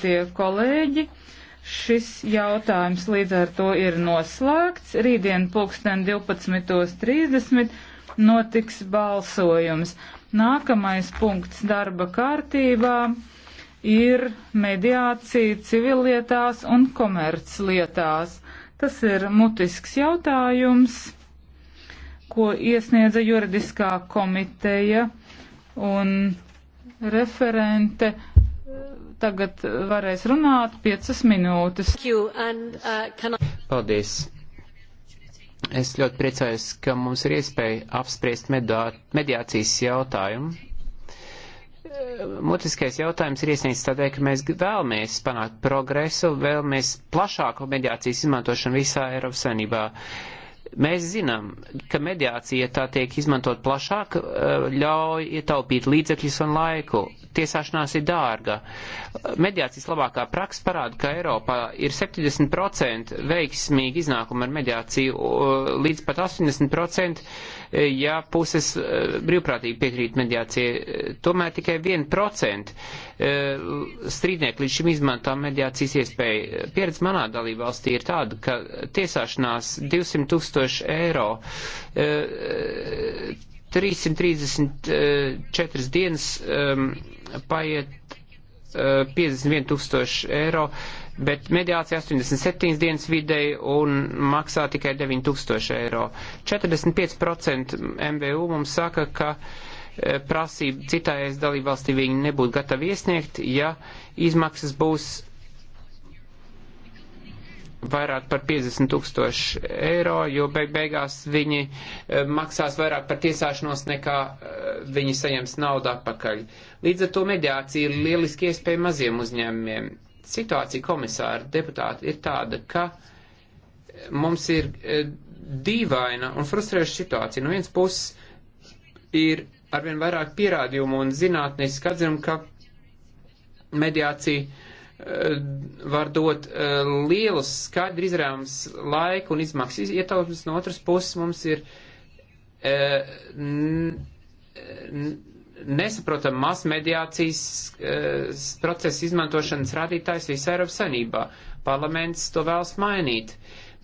Godātie kolēģi, šis jautājums līdz ar to ir noslēgts. Rītdien pulksten 12.30 notiks balsojums. Nākamais punkts darba kārtībā ir mediācija civillietās un komerclietās. Tas ir mutisks jautājums, ko iesniedza juridiskā komiteja un referente tagad varēs runāt piecas minūtes. Uh, Paldies. Es ļoti priecājos, ka mums ir iespēja apspriest mediācijas jautājumu. Uh, mutiskais jautājums ir iesniegts tādēļ, ka mēs vēlamies panākt progresu, vēlamies plašāku mediācijas izmantošanu visā Eiropas Savienībā. Uh, Mēs zinām, ka mediācija, ja tā tiek izmantot plašāk, eh, ļauj ietaupīt līdzekļus un laiku. Tiesāšanās ir dārga. Mediācijas labākā praksa parāda, ka Eiropā ir 70% veiksmīgi iznākumi ar mediāciju, līdz pat 80% ja puses eh, brīvprātīgi piekrīt mediācijai. Eh, tomēr tikai 1% eh, strīdnieku līdz šim izmantā mediācijas iespēju. Pieredze manā dalībvalstī ir tāda, ka tiesāšanās 200 tūkstoši eiro 334 dienas paiet 51 tūkstoši eiro bet mediācija 87 dienas vidēji un maksā tikai 9000 eiro. 45% MVU mums saka, ka e, prasība citājas dalībvalstī viņi nebūtu gatavi iesniegt, ja izmaksas būs vairāk par 50 tūkstoši eiro, jo beig beigās viņi e, maksās vairāk par tiesāšanos nekā e, viņi saņems naudu atpakaļ. Līdz ar to mediācija ir lieliski iespēja maziem uzņēmumiem. Situācija, komisāra, deputāti, ir tāda, ka mums ir e, dīvaina un frustrēša situācija. No vienas puses ir arvien vairāk pierādījumu un zinātniski atzinumu, ka mediācija e, var dot e, lielus skaidri izrāmas laika un izmaksas ietaupības, no otras puses mums ir nesaprotam masmediācijas uh, eh, procesa izmantošanas rādītājs visā Eiropas saimnībā. Parlaments to vēlas mainīt.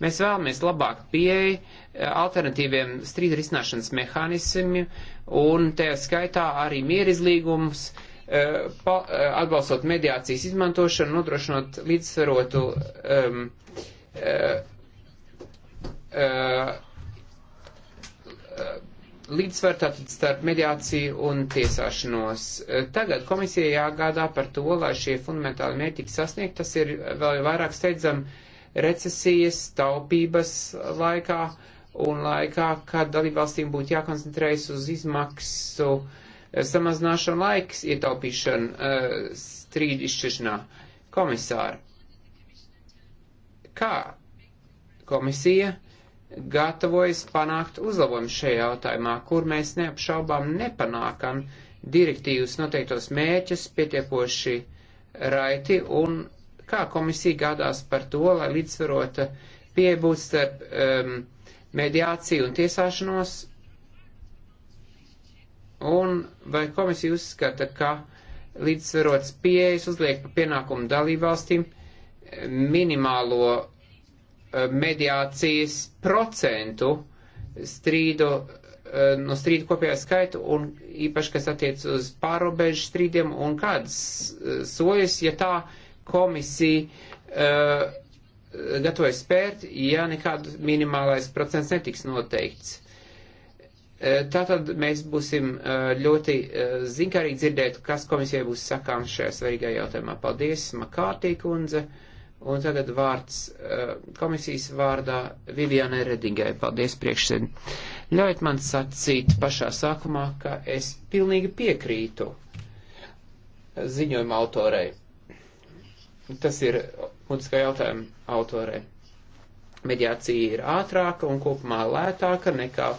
Mēs vēlamies labāk pieeja eh, alternatīviem strīdu risināšanas mehānismiem un te skaitā arī mierizlīgums, uh, eh, pa, uh, atbalstot mediācijas izmantošanu, nodrošinot līdzsvarotu um, uh, uh, līdzsvaru tātad starp mediāciju un tiesāšanos. Eh, tagad komisijai jāgādā par to, lai šie fundamentāli mērķi tiks sasniegt. Tas ir vēl vairāk steidzam recesijas, taupības laikā un laikā, kad dalībvalstīm būtu jākoncentrējas uz izmaksu eh, samazināšanu laiks ietaupīšanu eh, strīdu izšķiršanā. Komisāri, kā komisija gatavojas panākt uzlabojumu šajā jautājumā, kur mēs neapšaubām nepanākam direktīvas noteiktos mērķus pietiekoši raiti un kā komisija gādās par to, lai līdzsvarota pieeja būtu starp um, mediāciju un tiesāšanos, un vai komisija uzskata, ka līdzsvarots pieejas uzliek pa pienākumu dalībvalstīm minimālo Eh, mediācijas procentu strīdu, eh, no strīdu kopējā skaitu un īpaši, kas attiec uz pārobežu strīdiem un kādas eh, sojas, ja tā komisija uh, gatavojas spērt, ja nekādu minimālais procents netiks noteikts. Tātad mēs būsim ļoti zinkārīgi dzirdēt, kas komisijai būs sakāms šajā svarīgajā jautājumā. Paldies, Makārtī kundze! Un tagad vārds eh, komisijas vārdā Vivianai Redingai. Paldies, priekšsēd. Ļaujiet man sacīt pašā sākumā, ka es pilnīgi piekrītu ziņojuma autorei. Tas ir mutiskā jautājuma autorei. Mediācija ir ātrāka un kopumā lētāka nekā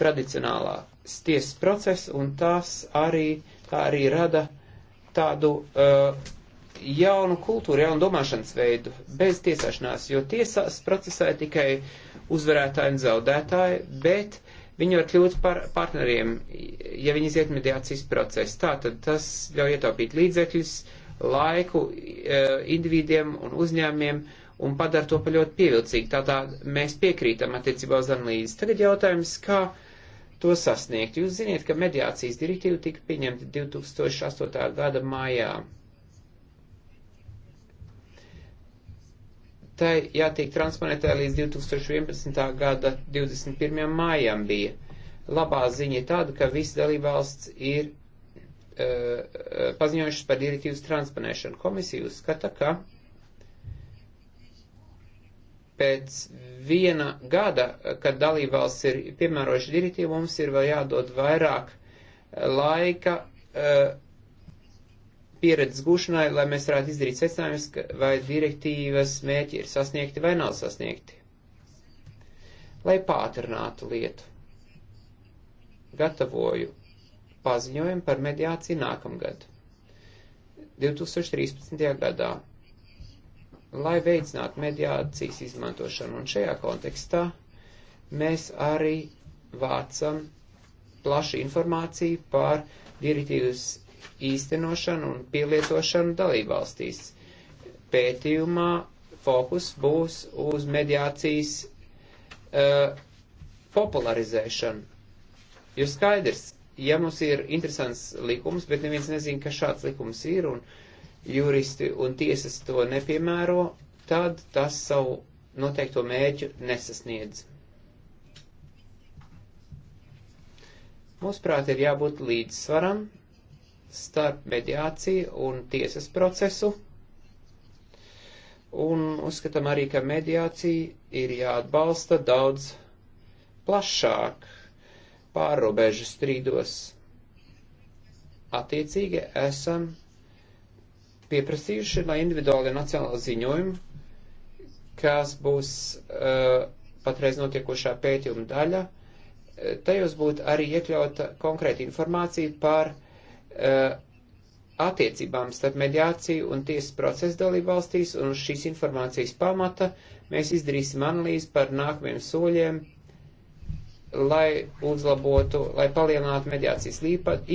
tradicionālā tiesas procesa, un tās arī, tā arī rada tādu uh, jaunu kultūru, jaunu domāšanas veidu bez tiesāšanās, jo tiesās procesā ir tikai uzvarētāji un zaudētāji, bet viņi var kļūt par partneriem, ja viņi iziet mediācijas procesu. Tātad tas ļauj ietaupīt līdzekļus, laiku e, individiem un uzņēmiem un padara to pa ļoti pievilcīgu. Tādā mēs piekrītam attiecībā uz analīzi. Tagad jautājums, kā to sasniegt. Jūs ziniet, ka mediācijas direktīva tika pieņemta 2008. gada mājā. tai jātiek transponētā līdz 2011. gada 21. mājām bija. Labā ziņa ir tāda, ka visi dalībvalsts ir uh, paziņojušas par direktīvas transponēšanu. Komisija uzskata, ka pēc viena gada, kad dalībvalsts ir piemērojuši direktīvu, mums ir vēl jādod vairāk laika uh, pieredzes gūšanai, lai mēs varētu izdarīt secinājumus, vai direktīvas mērķi ir sasniegti vai nav sasniegti. Lai pātrinātu lietu, gatavoju paziņojumu par mediāciju nākamgad, 2013. gadā, lai veicinātu mediācijas izmantošanu. Un šajā kontekstā mēs arī vācam plašu informāciju par direktīvas īstenošanu un pielietošanu dalībvalstīs. Pētījumā fokus būs uz mediācijas uh, popularizēšanu. Jo skaidrs, ja mums ir interesants likums, bet neviens nezina, ka šāds likums ir un juristi un tiesas to nepiemēro, tad tas savu noteikto mēķu nesasniedz. Mūsuprāt, ir jābūt līdzsvaram starp mediāciju un tiesas procesu. Un uzskatām arī, ka mediācija ir jāatbalsta daudz plašāk pārrobežu strīdos. Attiecīgi esam pieprasījuši, lai individuāli nacionāli ziņojumi, kas būs uh, patreiz notiekošā pētījuma daļa, eh, tajos būtu arī iekļauta konkrēta informācija par uh, Eh, attiecībām starp mediāciju un tiesas procesu dalību valstīs, un uz šīs informācijas pamata mēs izdarīsim analīzi par nākamajiem soļiem, lai uzlabotu, lai palielinātu mediācijas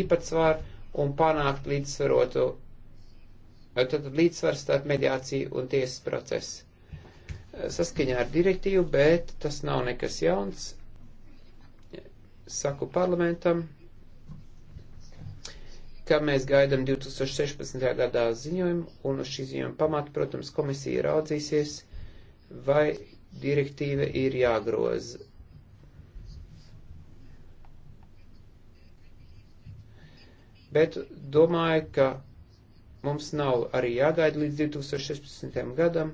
īpatsvaru un panākt līdzsvarotu, eh, tad līdzsvaru starp mediāciju un tiesas procesu. Eh, saskaņā ar direktīvu, bet tas nav nekas jauns, saku parlamentam, ka mēs gaidām 2016. gadā ziņojumu, un uz šī ziņojuma pamata, protams, komisija raudzīsies, vai direktīva ir jāgroza. Bet domāju, ka mums nav arī jāgaida līdz 2016. gadam.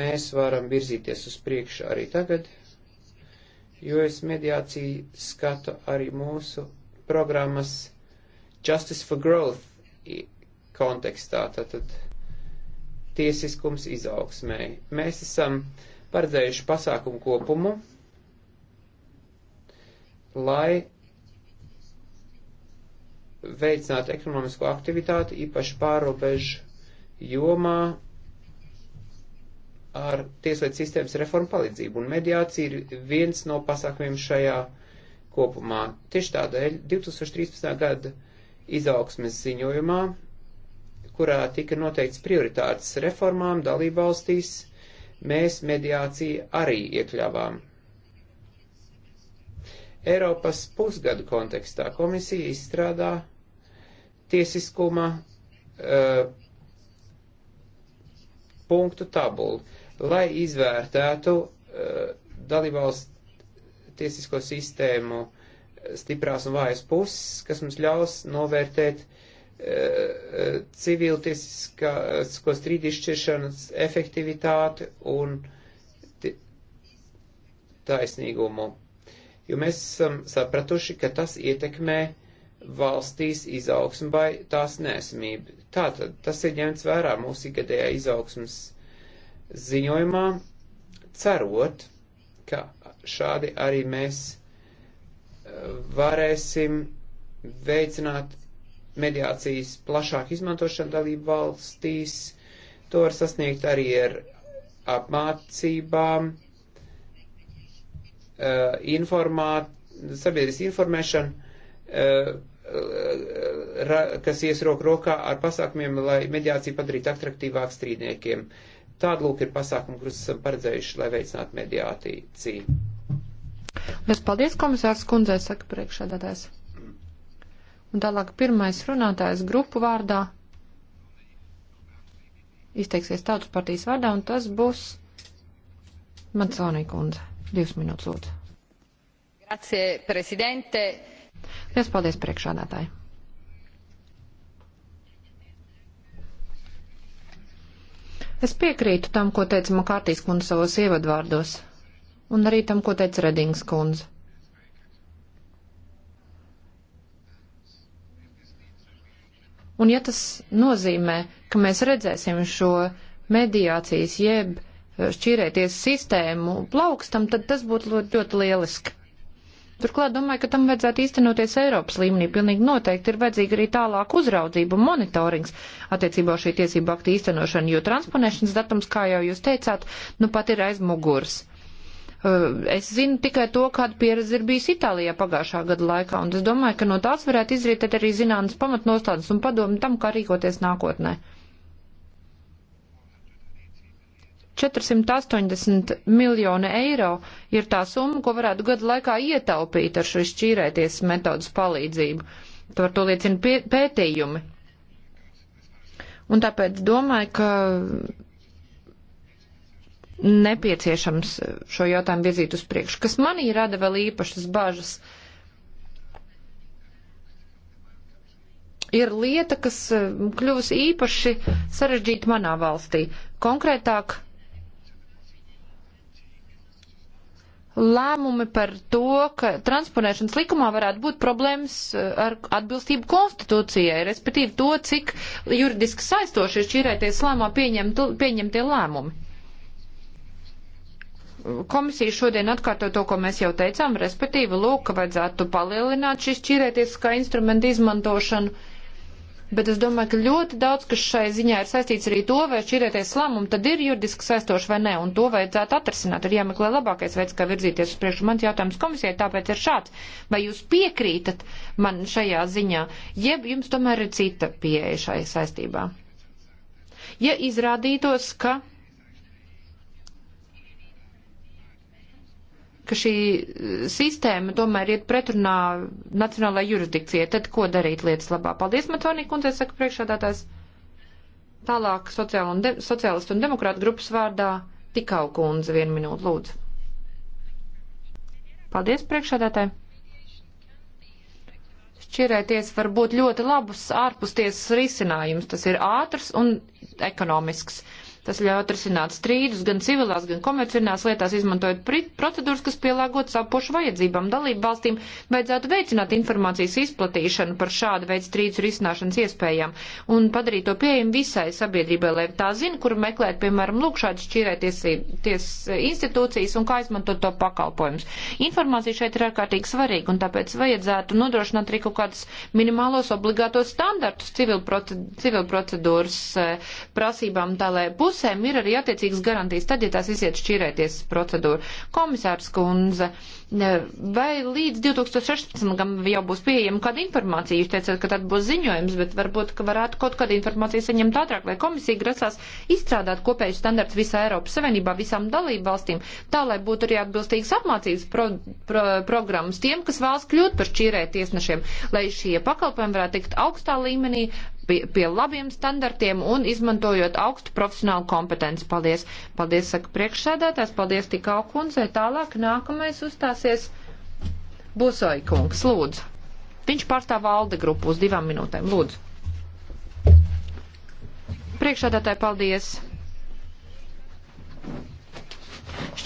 Mēs varam virzīties uz priekšu arī tagad jo es mediāciju skatu arī mūsu programmas Justice for Growth kontekstā, tātad tiesiskums izaugsmēji. Mēs esam paredzējuši pasākumu kopumu, lai veicinātu ekonomisko aktivitāti, īpaši pārobežu jomā, ar tieslietu sistēmas reformu palīdzību, un mediācija ir viens no pasākumiem šajā kopumā. Tieši tādēļ 2013. gada izaugsmes ziņojumā, kurā tika noteikts prioritātes reformām dalībvalstīs, mēs mediāciju arī iekļāvām. Eiropas pusgadu kontekstā komisija izstrādā tiesiskuma uh, punktu tabulu, lai izvērtētu uh, dalībvalsts tiesisko sistēmu eh, stiprās un vājas puses, kas mums ļaus novērtēt uh, eh, civiltiesisko strīdu izšķiršanas efektivitāti un taisnīgumu. Jo mēs esam sapratuši, ka tas ietekmē valstīs izaugsmu vai tās nesamību. Tātad tas ir ņemts vērā mūsu ikgadējā izaugsmas ziņojumā, cerot, ka šādi arī mēs eh, varēsim veicināt mediācijas plašāku izmantošanu dalību valstīs. To var sasniegt arī ar apmācībām, eh, informāt, sabiedrības informēšanu, eh, kas ies roku rokā ar pasākumiem, lai mediāciju padarītu atraktīvāk strīdniekiem. Tāda lūk ir pasākuma, kurus esam paredzējuši, lai veicinātu mediāciju. Liels paldies, komisārs kundzē, saka priekšādātājs. Un tālāk pirmais runātājs grupu vārdā izteiksies tautas partijas vārdā, un tas būs Matsonī kundze. Divas minūtes lūdzu. Grazie, prezidente. Liels paldies, priekšādātāji. Es piekrītu tam, ko teica Makārtīs kundze savos ievadvārdos, un arī tam, ko teica Redings kundze. Un ja tas nozīmē, ka mēs redzēsim šo mediācijas jeb šķīrēties sistēmu plaukstam, tad tas būtu ļoti, ļoti lieliski. Turklāt domāju, ka tam vajadzētu īstenoties Eiropas līmenī. Pilnīgi noteikti ir vajadzīga arī tālāka uzraudzība un monitorings attiecībā uz šī tiesību aktu īstenošanu, jo transponēšanas datums, kā jau jūs teicāt, nu pat ir aiz muguras. Uh, es zinu tikai to, kāda pieredze ir bijusi Itālijā pagājušā gada laikā, un es domāju, ka no tās varētu izrietēt arī zināmas pamatnostādnes un padomu tam, kā rīkoties nākotnē. 480 miljoni eiro ir tā summa, ko varētu gadu laikā ietaupīt ar šo šķīrēties metodas palīdzību. To ar to liecina pie, pētījumi. Un tāpēc domāju, ka nepieciešams šo jautājumu virzīt uz priekšu. Kas manī rada vēl īpašas bažas, ir lieta, kas eh, kļūs īpaši sarežģīta manā valstī. Konkrētāk, lēmumi par to, ka transponēšanas likumā varētu būt problēmas eh, ar atbilstību konstitūcijai, respektīvi to, cik juridiski saistoši ir šķirēties lēmā pieņemt, pieņemtie lēmumi. Komisija šodien atkārto to, ko mēs jau teicām, respektīvi lūk, ka vajadzētu palielināt šis šķirēties kā instrumentu izmantošanu bet es domāju, ka ļoti daudz, kas šai ziņā ir saistīts arī to, vai šķirēties lēmumu, tad ir juridiski saistoši vai nē, un to vajadzētu atrasināt. Ir jāmeklē labākais veids, kā virzīties uz priekšu. Mans jautājums komisijai tāpēc ir šāds. Vai jūs piekrītat man šajā ziņā, jeb jums tomēr ir cita pieeja šai saistībā? Ja izrādītos, ka ka šī eh, sistēma tomēr iet pretrunā nacionālajai jurisdikcijai. Tad ko darīt lietas labā? Paldies, Matonī kundze, saka priekšādātājs. Tālāk sociālistu un, de, sociālist un demokrātu grupas vārdā tikau kundze vienu minūtu lūdzu. Paldies, priekšādātāji. Šķirēties var būt ļoti labus ārpustiesas risinājums. Tas ir ātrs un ekonomisks. Uh, Tas ļauj atrisināt strīdus gan civilās, gan komercinās lietās, izmantojot procedūras, kas pielāgotas apošu vajadzībām. Dalību valstīm vajadzētu veicināt informācijas izplatīšanu par šādu veidu strīdus risināšanas iespējām un padarīt to pieejamu visai sabiedrībai, lai tā zina, kur meklēt, piemēram, lūk šādas šķīrēties institūcijas un kā izmantot to pakalpojumus. Informācija šeit ir ārkārtīgi svarīga un tāpēc vajadzētu nodrošināt arī kaut kādus minimālos obligātos standartus civil, proced civil procedūras eh, prasībām, tā lai pus pusēm ir arī attiecīgas garantijas, tad, ja tās iziet šķīrēties procedūru. Komisārs Kunze, vai līdz 2016. gadam jau būs pieejama kāda informācija? Jūs teicāt, ka tad būs ziņojums, bet varbūt, ka varētu kaut kādu informāciju saņemt ātrāk, vai komisija grasās izstrādāt kopēju standartu visā Eiropas Savienībā, visām dalību valstīm, tā, lai būtu arī atbilstīgas apmācības pro, pro, programmas tiem, kas vēlas kļūt par šķīrētiesnešiem, lai šie pakalpojumi varētu tikt augstā līmenī pie, pie labiem standartiem un izmantojot augstu profesionālu kompetenci. Paldies! Paldies, saka priekšsēdētājs, paldies tikā kundzei. Tālāk nākamais uzstāsies Busoja kungs, lūdzu. Viņš pārstāv valde grupu uz divām minūtēm, lūdzu. Priekšsēdētāji, paldies!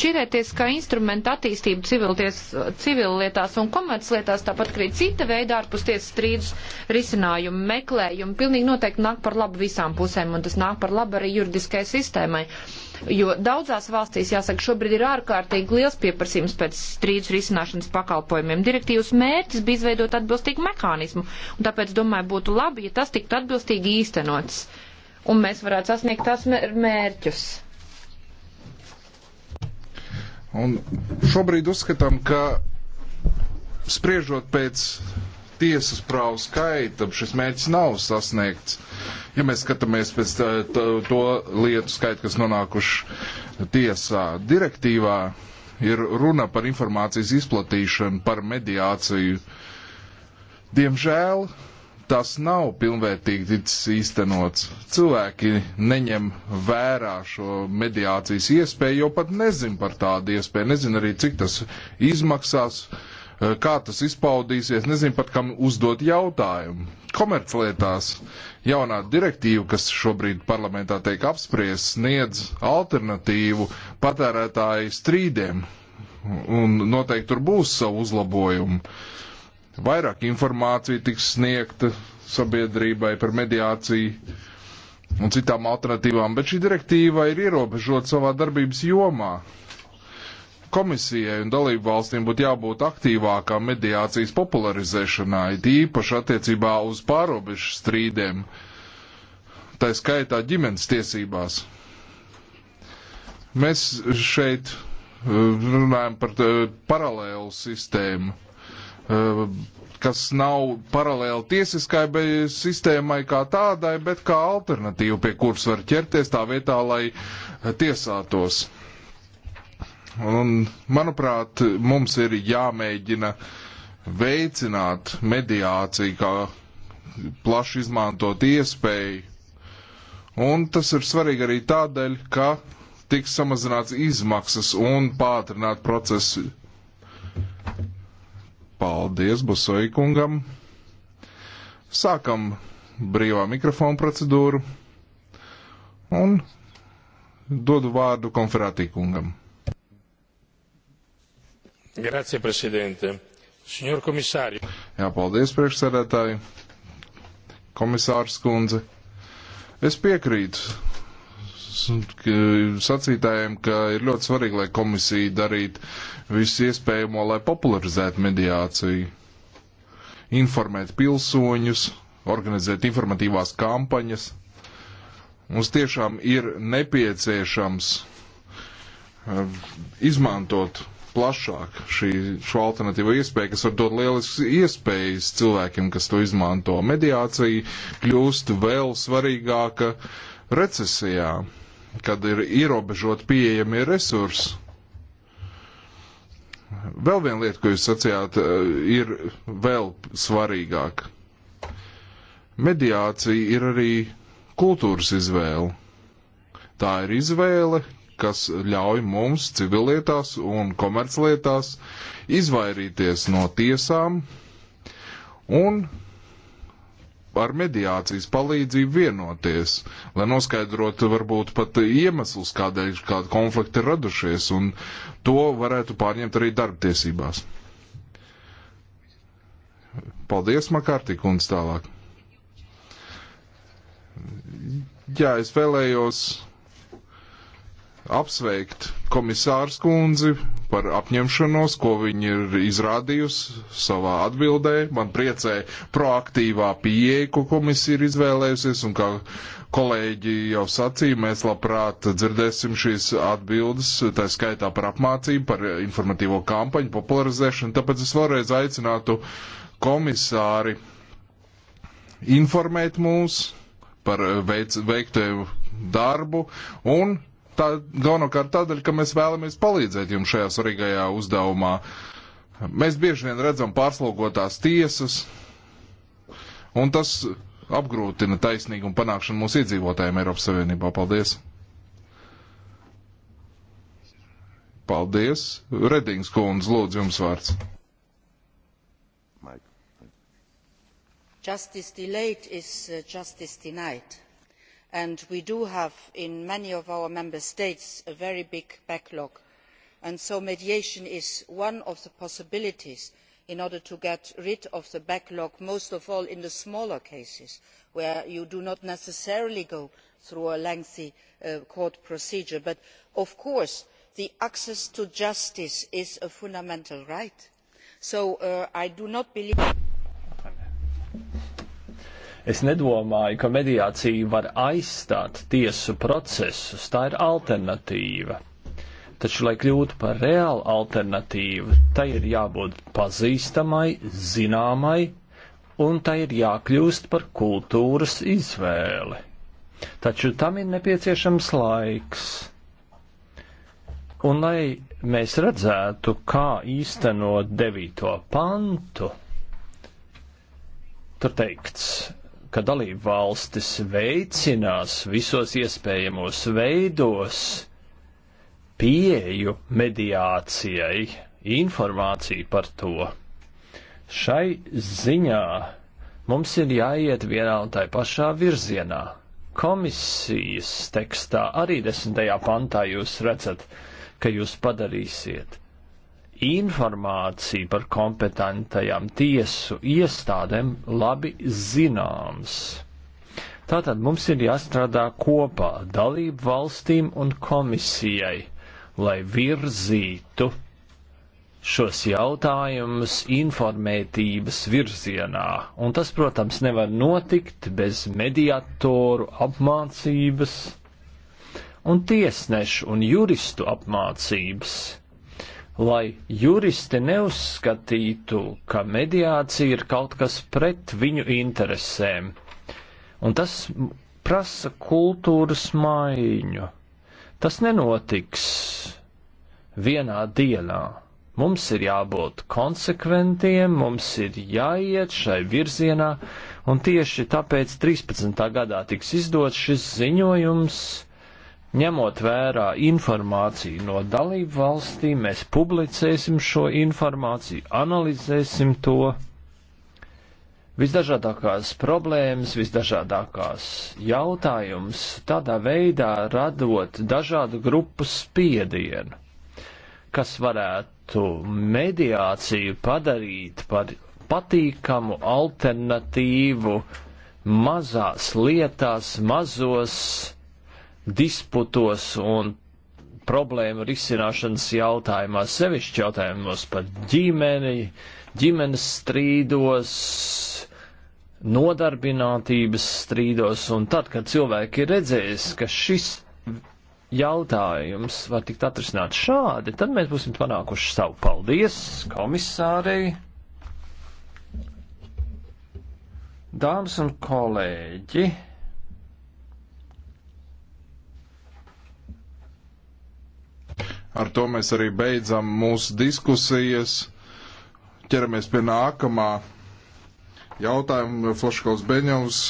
šķirēties, ka instrumenta attīstība civillietās un komerclietās, tāpat arī cita veida ārpustiesas strīdus risinājumu meklējumu, pilnīgi noteikti nāk par labu visām pusēm, un tas nāk par labu arī juridiskajai sistēmai. Jo daudzās valstīs, jāsaka, šobrīd ir ārkārtīgi liels pieprasījums pēc strīdus risināšanas pakalpojumiem. Direktīvas mērķis bija izveidot atbilstīgu mehānismu, un tāpēc, domāju, būtu labi, ja tas tiktu atbilstīgi īstenots. Un mēs varētu sasniegt tās mērķus. Un šobrīd uzskatām, ka spriežot pēc tiesas prāvu skaita, šis mērķis nav sasniegts. Ja mēs skatāmies pēc tā, eh, tā, to lietu skaitu, kas nonākuši tiesā direktīvā, ir runa par informācijas izplatīšanu, par mediāciju. Diemžēl tas nav pilnvērtīgi ticis īstenots. Cilvēki neņem vērā šo mediācijas iespēju, jo pat nezin par tādu iespēju, nezin arī, cik tas izmaksās, eh, kā tas izpaudīsies, nezin pat kam uzdot jautājumu. Komerclietās jaunā direktīva, kas šobrīd parlamentā tiek apspriest, sniedz alternatīvu patērētāju strīdiem, un noteikti tur būs savu uzlabojumu. Uh, Vairāk informācija tiks sniegta sabiedrībai par mediāciju un citām alternatīvām, bet šī direktīva ir ierobežota savā darbības jomā. Komisijai un dalību valstīm būtu jābūt aktīvākām mediācijas popularizēšanā, it īpaši attiecībā uz pārobežu strīdiem, tā skaitā ģimenes tiesībās. Mēs šeit eh, runājam par eh, paralēlu sistēmu Eh, kas nav paralēli tiesiskai sistēmai kā tādai, bet kā alternatīva, pie kuras var ķerties tā vietā, lai eh, tiesātos. Un, manuprāt, mums ir jāmēģina veicināt mediāciju kā plaši izmantot iespēju. Un tas ir svarīgi arī tādēļ, ka tiks samazināts izmaksas un pātrināt procesu Paldies Busoja kungam. Sākam brīvā mikrofona procedūru un dodu vārdu konferātī kungam. Grazie, prezidente. Signor komisāri. Jā, paldies, priekšsēdētāji. Komisārs kundze. Es piekrītu sacītājiem, ka ir ļoti svarīgi, lai komisija darītu visu iespējamo, lai popularizētu mediāciju, informēt pilsoņus, organizēt informatīvās kampaņas. Mums tiešām ir nepieciešams um, izmantot plašāk šī, šo alternatīvo iespēju, kas var dot lielisks iespējas cilvēkiem, kas to izmanto. Mediācija kļūst vēl svarīgāka recesijā kad ir ierobežot pieejamie resursi. Vēl viena lieta, ko jūs sacījāt, eh, ir vēl svarīgāk. Mediācija ir arī kultūras izvēle. Tā ir izvēle, kas ļauj mums civilietās un komerclietās izvairīties no tiesām un ar mediācijas palīdzību vienoties, lai noskaidrotu varbūt pat iemeslus, kādēļ kādi konflikti ir radušies, un to varētu pārņemt arī darbtiesībās. Paldies, Makārtī, kundze tālāk. Jā, es vēlējos apsveikt komisārs kundzi par apņemšanos, ko viņa ir izrādījusi savā atbildē. Man priecē proaktīvā pieeja, ko komisija ir izvēlējusies, un kā kolēģi jau sacīja, mēs labprāt dzirdēsim šīs atbildes, tā skaitā par apmācību, par informatīvo kampaņu, popularizēšanu. Tāpēc es vēlreiz aicinātu komisāri informēt mūs par veic, veiktajiem darbu un tā, galvenokārt tādēļ, ka mēs vēlamies palīdzēt jums šajā svarīgajā uzdevumā. Mēs bieži vien redzam pārslogotās tiesas, un tas apgrūtina taisnīgumu panākšanu mūsu iedzīvotājiem Eiropas Savienībā. Paldies! Paldies! Redings kundze, lūdzu, jums vārds. Justice delayed is uh, justice denied and we do have in many of our member states a very big backlog and so mediation is one of the possibilities in order to get rid of the backlog most of all in the smaller cases where you do not necessarily go through a lengthy uh, court procedure but of course access to justice is a fundamental right so uh, i do not believe Es nedomāju, ka mediācija var aizstāt tiesu procesus, tā ir alternatīva. Taču, lai kļūtu par reālu alternatīvu, tai ir jābūt pazīstamai, zināmai, un tai ir jākļūst par kultūras izvēli. Taču tam ir nepieciešams laiks. Un lai mēs redzētu, kā īstenot devīto pantu, tur teikts, ka dalību valstis veicinās visos iespējamos veidos pieeju mediācijai, informāciju par to. Šai ziņā mums ir jāiet vienā un tai pašā virzienā. Komisijas tekstā arī desmitajā pantā jūs redzat, ka jūs padarīsiet informācija par kompetentajām tiesu iestādēm labi zināms. Tātad mums ir jāstrādā kopā dalību valstīm un komisijai, lai virzītu šos jautājumus informētības virzienā. Un tas, protams, nevar notikt bez mediatoru apmācības un tiesnešu un juristu apmācības lai juristi neuzskatītu, ka mediācija ir kaut kas pret viņu interesēm. Un tas prasa kultūras maiņu. Tas nenotiks vienā dienā. Mums ir jābūt konsekventiem, mums ir jāiet šai virzienā, un tieši tāpēc 13. gadā tiks izdots šis ziņojums Ņemot vērā informāciju no dalību valstīm, mēs publicēsim šo informāciju, analizēsim to. Visdažādākās problēmas, visdažādākās jautājums, tādā veidā radot dažādu grupu spiedienu, kas varētu mediāciju padarīt par patīkamu alternatīvu mazās lietās, mazos disputos un problēmu risināšanas jautājumā, sevišķi jautājumos par ģimeni, ģimenes strīdos, nodarbinātības strīdos, un tad, kad cilvēki ir redzējis, ka šis jautājums var tikt atrisināt šādi, tad mēs būsim panākuši savu paldies komisārei. Dāmas un kolēģi! Ar to mēs arī beidzam mūsu diskusijas. Ķeramies pie nākamā jautājuma. Flaškovs Beņovs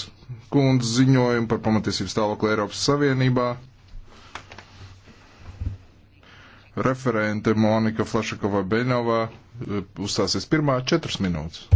kundze ziņojumu par pamatiesības stāvokli Eiropas Savienībā. Referente Monika Flašakova Beņovā eh, uzstāsies pirmā četras minūtes.